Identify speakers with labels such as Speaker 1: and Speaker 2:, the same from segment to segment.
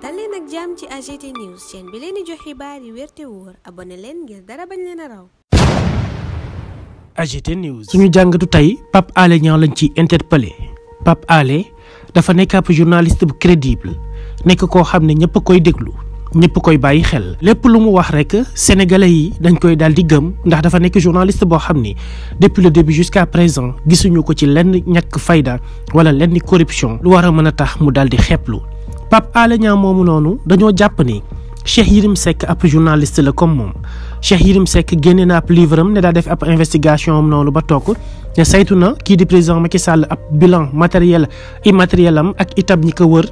Speaker 1: dal ci AGT news chaîne bi leen di jox xibaar yi wér leen dara bañ leen a raw. AGT suñu jàngatu tey Pape Alé Niang lañ ciy interpellé Pape Alé dafa nekk ab journaliste bu crédible nekk koo xam ne ñëpp koy déglu ñëpp koy bàyyi xel. lépp lu mu wax rek sénégalais yi dañ koy daal di gëm ndax dafa nekk journaliste boo xam ne depuis le début jusqu'à présent gisuñu ko ci lenn ñàkk fayda wala lenn corruption lu war a mën a tax mu daal di xeeblu. Pape Alé moomu noonu dañoo jàpp ni Cheikh Yérim sekk ab journaliste la comme moom Cheikh Yérim Seck génne na ab livre am ne daa def ab investigation am noonu ba toog ne saytu na kii di président Macky Sall ab bilan matériel immatériel am ak itam ñi ko wër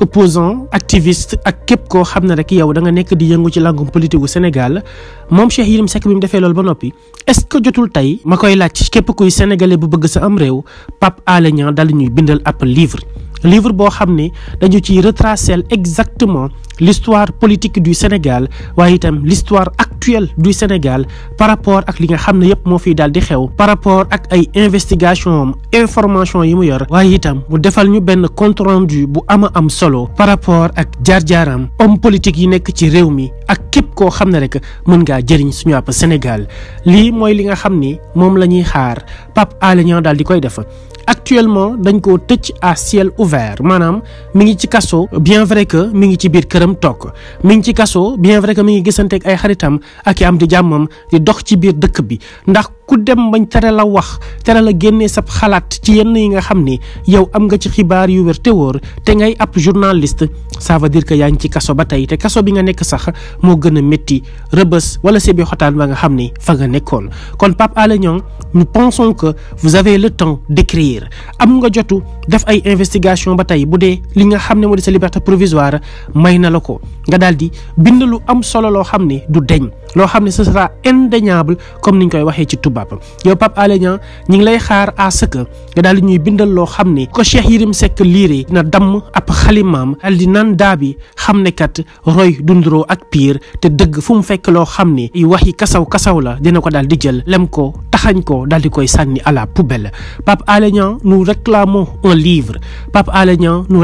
Speaker 1: opposant activiste ak képp koo xam ne rek yow da nga nekk di yëngu ci làngum politique gu Sénégal moom Cheikh Yérim Seck bi mu defee loolu ba noppi est-ce que jotul tey ma koy laaj képp kuy sénégalais bu bëgg sa am réew Pape Alé Niang dal ñuy bindal ab livre livre boo xam ni dañu ci retracer exactement l'histoire politique du Sénégal waaye itam l'histoire actuelle du Sénégal par rapport ak li nga xam ne yëpp moo fiy daal di xew par rapport ak ay investigation information yi mu yor waaye itam mu defal ñu benn compte rendu bu ama am solo par rapport ak jaar-jaaram homme politique yi nekk ci réew mi ak képp koo xam ne rek mën ngaa jëriñ suñu àpp Sénégal lii mooy li nga xam ni moom la ñuy xaar Pape Alé Niang daal di koy def actuellement dañ koo tëj à ciel ouvert maanaam mi ngi ci kaso bien vrai que mi ngi ci biir këram itam toog mi ngi ci kaso bien vrai que mi ngi gisanteeg ay xaritam ak i am di jàmmam di dox ci biir dëkk bi ndax ku dem bañ tere la wax tere la génnee sab xalaat ci yenn yi nga xam ni yow am nga ci xibaar yu wér te wóor te ngay ab journaliste ça veut dire que yaa ngi ci kaso ba tey te kaso bi nga nekk sax moo gën a métti rëbës wala sebi xotaan ba nga xam ni fa nga nekkoon kon Pape Alé Niang nous pensons que vous avez le temps d'écrire am nga jotu def ay investigation ba tey bu dee li nga xam ne moo di sa liberté provisoire may na la ko nga daal di bind lu am solo loo xam ne du deñ loo xam ne ce sera indéniable comme niñ koy waxee ci tubaab yow Pape Alé Niang ñi ngi lay xaar à ce nga daal di ñuy bindal loo xam ne ko Cheikh Yérim Seck liiree dina damm ab xalimaam daal di naan daa bi xam ne kat roy dunduroo ak piir te dëgg fu mu fekk loo xam ne i waxi kasaw kasaw la dina ko daal di jël lem ko taxañ ko dal di koy sànni à la poubelle Pape Alé Niang nous un livre Pape Alé Niang nous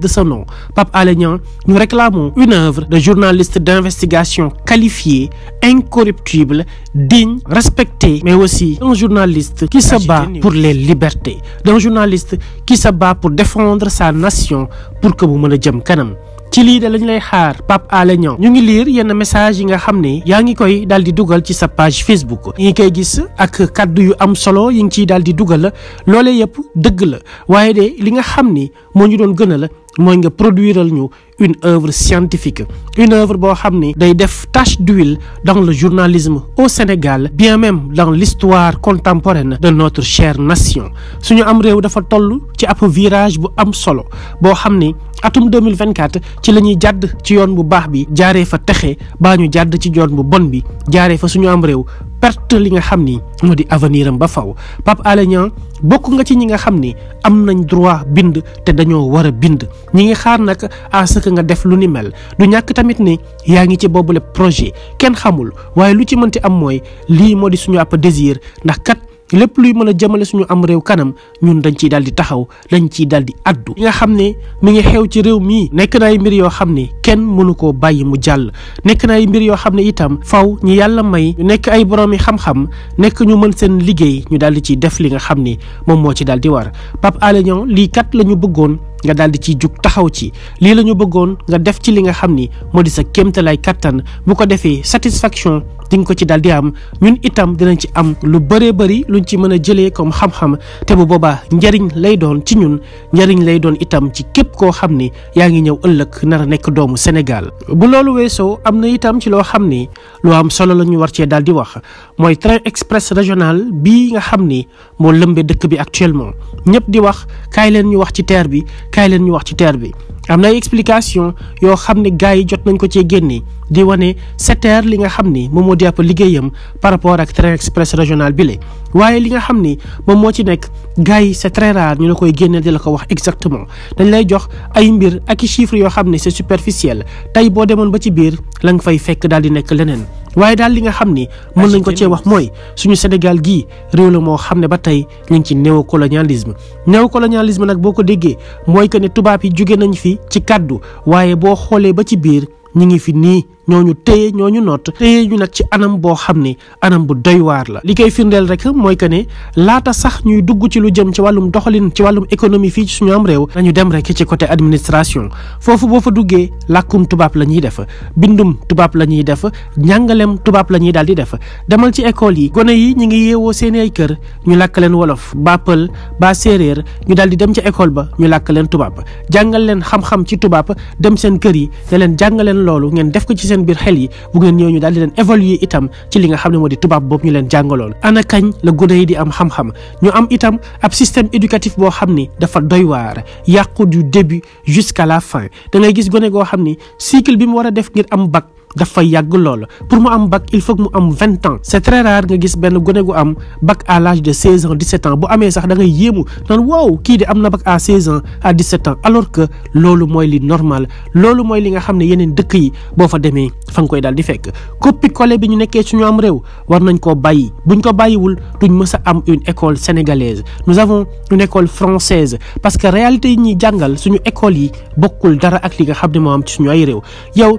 Speaker 1: de ce nom Pape Alé Niang nous réclamons une œuvre de journaliste d'investigation qualifié incorruptible digne respecté mais aussi un journaliste qui sa bat pour les libertés d'un journaliste qui sa bat pour défendre sa nation pour que mu mën a jëm kanam ci lii de lañ lay xaar pap Alé ñu ngi lire yenn message yi nga xam ne yaa ngi koy dal di dugal ci sa page Facebook yi ngi koy gis ak kaddu yu am solo yi ngi ciy daal di dugal loole yëpp dëgg la waaye de li nga xam ni moo ñu doon gën la mooy nga produiral ñu une œuvre scientifique une œuvre boo xam ni day def tache d'huile dans le journalisme au Sénégal bien même dans l'histoire contemporaine de notre chère nation suñu am réew dafa toll ci ab virage bu am solo boo xam ni atum 2024 ci la ñuy jàdd ci yoon bu baax bi jaaree fa texe baa ñu jàdd ci yoon bu bon bi jaaree fa suñu am réew perte li nga xam ni moo di avenir am ba faw Pape Alé Niang bokk nga ci ñi nga xam ni am nañ droit bind te dañoo war a bind ñi ngi xaar nag à ce nga def lu ni mel du ñàkk tamit ni yaa ngi ci boobule projet kenn xamul waaye lu ci mënti am mooy lii moo di suñu àpp désir ndax kat lépp luy mën a jëmale suñu am réew kanam ñun dañ ciy daal di taxaw dañ ciy daal di addu li nga xam ne mi ngi xew ci réew mii nekk na ay mbir yoo xam ni kenn mënu koo bàyyi mu jàll nekk na ay mbir yoo xam ne itam faw ñi yàlla may nekk ay boroomi xam-xam nekk ñu mën seen liggéey ñu daal di ciy def li nga xam ni moom moo ci daal di war Pape Alé Niang lii kat la ñu bëggoon nga daal di jug taxaw ci lii la ñu bëggoon nga def ci li nga xam ni moo di sa kéemtalaay kattan bu ko defee satisfaction di nga ko ci daal di am ñun itam dinañ ci am lu bëree bëri luñ ci mën a jëlee comme xam-xam te bu boobaa njariñ lay doon ci ñun njariñ lay doon itam ci képp koo xam ni yaa ngi ñëw ëllëg nar nekk doomu Sénégal bu loolu weesoo am na itam ci loo xam ni lu am solo la ñu war cee daal di wax mooy train express régional bii nga xam ni moo lëmbee dëkk bi actuellement ñëpp di wax kaay leen ñu wax ci teer bi kaay leen ñu wax ci teer bi am na ay explication yoo xam ne gars yi jot nañ ko cee génne di wane SETER li nga xam ni moom moo di àpp liggéeyam par rapport ak train express régional bi le waaye li nga xam ni moom moo ci nekk gars yi c'est très rare ñu la koy génne di la ko wax exactement dañ lay jox ay mbir ak i chiffres yoo xam ne c'est superficiel tey boo demoon ba ci biir la nga fay fekk daal di nekk leneen waaye daal li nga xam ni mën nañ ko cee wax mooy suñu Sénégal gi réew la moo xam ne ba tey ñu ngi ci néocolonialisme néocolonialisme nag boo ko déggee mooy que ne tubaab yi jóge nañu fi ci kàddu waaye boo xoolee ba ci biir ñu ngi fi nii ñoo ñu téye ñoo ñu noot téye ñu nag ci anam boo xam ne anam bu doy waar la li koy firndeel rek mooy que ne laata sax ñuy dugg ci lu jëm ci wàllum doxalin ci wàllum économie fii ci suñu am réew nañu dem rek ci côté administration foofu boo fa duggee làkkum tubaab la ñuy def bindum tubaab la ñuy def njàngalem tubaab la ñuy daal di def demal ci école yi gone yi ñi ngi yeewoo seen ay kër ñu làkk leen wolof baa pël baa séeréer ñu daal di dem ca école ba ñu làkk leen tubaab jàngal leen xam ci tubaab dem seen kër yi ne leen jàngaleen loolu ngeen def ko ci seen biir xel yi bu ngeen ñëw ñu daal di leen évaluer itam ci li nga xam ne moo di tubaab boobu ñu leen jàngaloon ana kañ la gone yi di am xam-xam ñu am itam ab système éducatif boo xam dafa doy waar yàqu du début jusqu'à la fin da ngay gis gone goo xam bi mu war a def ngir am bac dafa yàgg lool pour mu am bac il faut que mu am vingt ans c'est très rare nga gis benn gone gu am bac à l'âge de seize ans dix-sept ans bu amee sax da ngay yéemu naan waaw kii de am na bac à seize ans à dix-sept ans alors que loolu mooy li normal loolu mooy li nga xam ne yeneen dëkk yi boo fa demee fa nga koy daal di fekk copie-collée bi ñu nekkee ñu am réew war nañ koo bàyyi buñ ko bàyyiwul duñ mës a am une école sénégalaise nous avons une école française parce que réalité yi ñuy jàngal suñu école yi bokkul dara ak li nga xam ne moo am ci suñu réew yow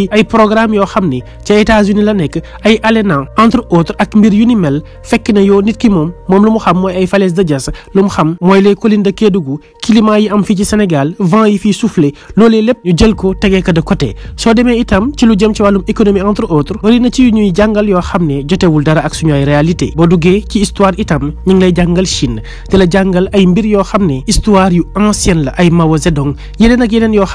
Speaker 1: ci ay programme yoo xam ni ca États-Unis la nekk ay alena entre autres ak mbir yu ni mel fekk na yoo nit ki moom moom lu mu xam mooy ay falaises de Diass lu mu xam mooy les collines de Kédougou climat yi am fii ci Sénégal vent yi fii soufflé loolee de côté soo demee itam ci lu jëm ci wàllum économie entre autres bëri na ci yu ñuy jàngal yoo xam ne jotewul dara ak suñu ay réalité boo duggee ci histoire itam ñu ngi lay jàngal Chine te la jàngal ay mbir yoo xam ne histoire yu ancienne la ay Mao Zedong yeneen ak yeneen yoo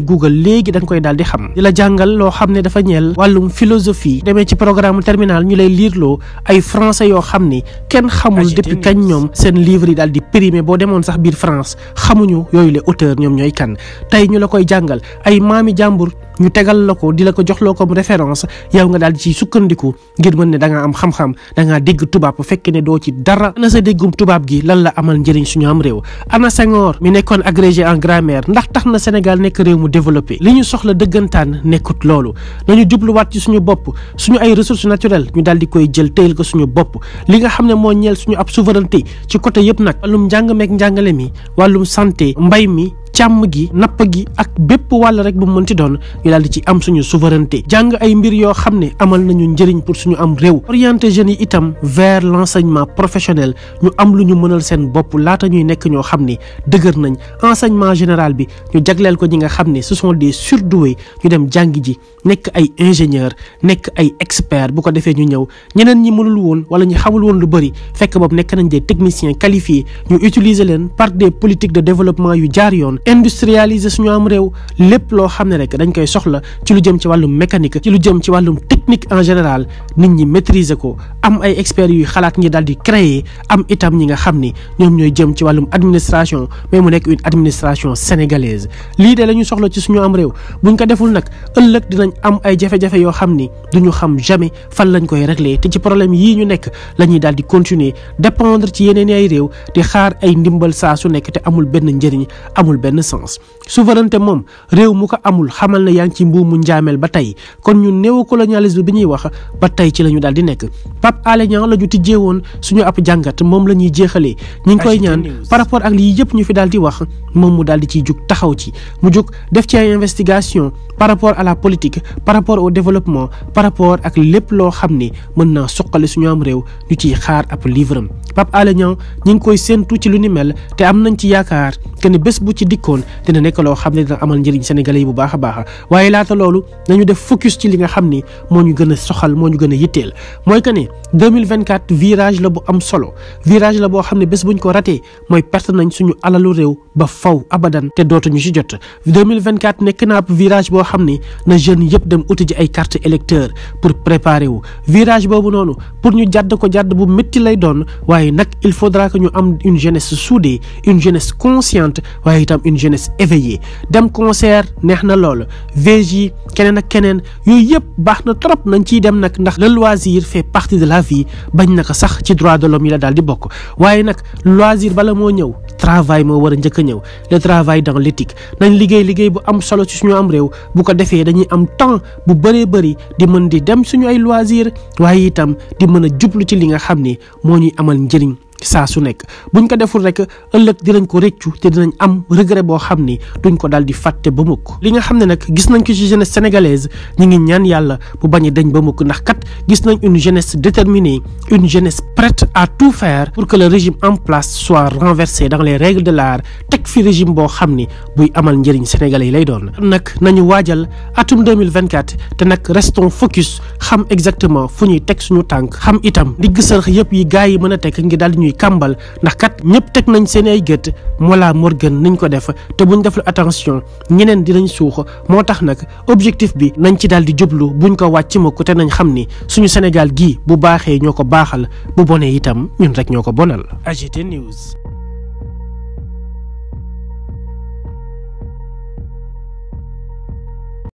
Speaker 1: koy google léegi da koy daal di xam di la jàngal loo xam ne dafa ñeel wàllum philosophie deme ci programme terminal ñu lay liirloo ay français yoo xam ni kenn xamul depuis kañ ñoom seen livre yi daal di boo demoon sax biir France xamuñu yooyu les auteurs ñoom ñooy kan tey ñu la koy jàngal ay maami jàmbur ñu tegal la ko di la ko jox loo ko référence yow nga daal di ciy sukkandiku ngir mën ne da ngaa am xam-xam da ngaa dégg tubaab bu fekkee ne doo ci dara na sa déggum tubaab gi lan la amal njëriñ suñu am réew ana Senghor mi nekkoon agrégé en grammaire ndax tax na Sénégal nekk réew mu développé li ñu soxla dëggantaan nekkut loolu ñu jubluwaat ci suñu bopp suñu ay ressources naturelles ñu daal di koy jël téyel ko suñu bopp li nga xam ne moo ñeel suñu ab souveraineté ci côté yëpp nag wàllum njàng njàngale mi wàllum santé mbay mi càmm gi napp gi ak bépp wàll rek bu mu mënti doon ñu daal di ci am suñu souveraineté jàng ay mbir yoo xam ne amal nañu njëriñ pour suñu am réew orienté jeunes yi itam vers l'enseignement professionnel ñu am lu ñu mënal seen bopp laata ñuy nekk ñoo xam ne dëgër nañ enseignement général bi ñu jagleel ko ñi nga xam ne ce de des surdoués ñu dem jàngi ji nekk ay ingénieur nekk ay expert bu ko defee ñu ñëw ñeneen ñi mënul woon wala ñu xamul woon lu bari fekk boobu nekk nañ des techniciens qualifiés ñu utiliser yu jaar yoon industrialiser suñu am réew lépp loo xam ne rek dañ koy soxla ci lu jëm ci wàllum mécanique ci lu jëm ci wàllum technique en général nit ñi maîtriser ko am ay experts yuy xalaat ngir daal di créer am itam ñi nga xam ni ñoom ñooy jëm ci wàllum administration mais mu nekk une administration sénégalaise lii de la ñu soxla ci suñu am réew buñ ko deful nag ëllëg dinañ am ay jafe-jafe yoo xam ni duñu xam jamais fan lañ koy régler te ci problème yii ñu nekk la ñuy daal di continuer dépendre ci yeneen ay réew di xaar ay ndimbal saa su nekk te amul benn njëriñ amul benn sens souveraineté moom réew amul xamal na yaa ngi ci mbuumu ba crise bi ñuy wax ba tey ci la ñu daal di nekk Pape Alé Niang la ñu tijjee woon suñu ab jàngat moom la ñuy ñu ngi koy ñaan par rapport ak lii yëpp ñu fi daal di wax moom mu daal di ciy jug taxaw ci mu jug def ci ay investigation par rapport à la politique par rapport au développement par rapport ak lépp loo xam ne mën naa suqali suñu am réew ñu ci xaar ab livre am Pape Alé Niang ñi ngi koy séentu ci lu ni mel te am nañ ci yaakaar que ne bés bu ci dikkoon dina nekk loo xam ne dina amal njëriñ sénégalais yi bu baax a baax ñu gën a soxal moo ñu gën a yitteel mooy que ne 2024 virage la bu am solo virage la boo xam ne bés buñ ko ratee mooy na ab virage dem uti ay carte électeur pour préparer wu virage boobu noonu pour ñu jàdd ko jàdd bu métti lay doon waaye nag il faudra que ñu am une jeunesse soudée une jeunesse consciente waaye itam une jeunesse éveillée dem concert neex na lool VJ keneen ak keneen yooyu yëpp baax na trop trop nañ ciy dem nag ndax le loisir fait partie de la vie bañ na ko sax ci droit de l'homme yi la daal di bokk waaye nag loisir bala moo ñëw travail moo war njëkk a ñëw le travail dans l'éthique nañ liggéey liggéey bu am solo ci suñu am réew bu ko defee dañuy am temps bu bëree bëri di mën di dem suñu ay loisir waaye itam di mën a jublu ci li nga xam ne moo ñuy amal njëriñ saa su nekk buñ ko deful rek ëllëg ko rëccu te dinañ am regret boo xam ni duñ ko daal di fàtte ba mukk li a xam ne nag gis nañ ko ci jeunesse sénégalaise ñu ngi ñaan yàlla bu bañ a dañ ba mukk ndax kat gis nañ une jeunesse déterminée une jeunesse prête à tout faire pour que le régime en place soit renversé dans les règles de l'art teg fi régime boo xam ni buy amal njëriñ sénégalais yi lay doon. nag nañu waajal atum 2024 te nag restons focus xam exactement fu ñuy teg suñu tànk xam itam ndigg sërëx yëpp yi gars yi mën a teg ngir daal di ñuy kàmbal ndax kat ñëpp teg nañ seen ay gët Mollah Morgun niñ ko def te buñ deflu attention ñeneen dinañ suux moo tax nag objectif bi nañ ci daal di jublu buñ ko wàcc mukk te nañ xam ni suñu Sénégal gii bu baaxee ñoo ko baaxal bu bonee itam ñun rek ñoo ko bonal AGT News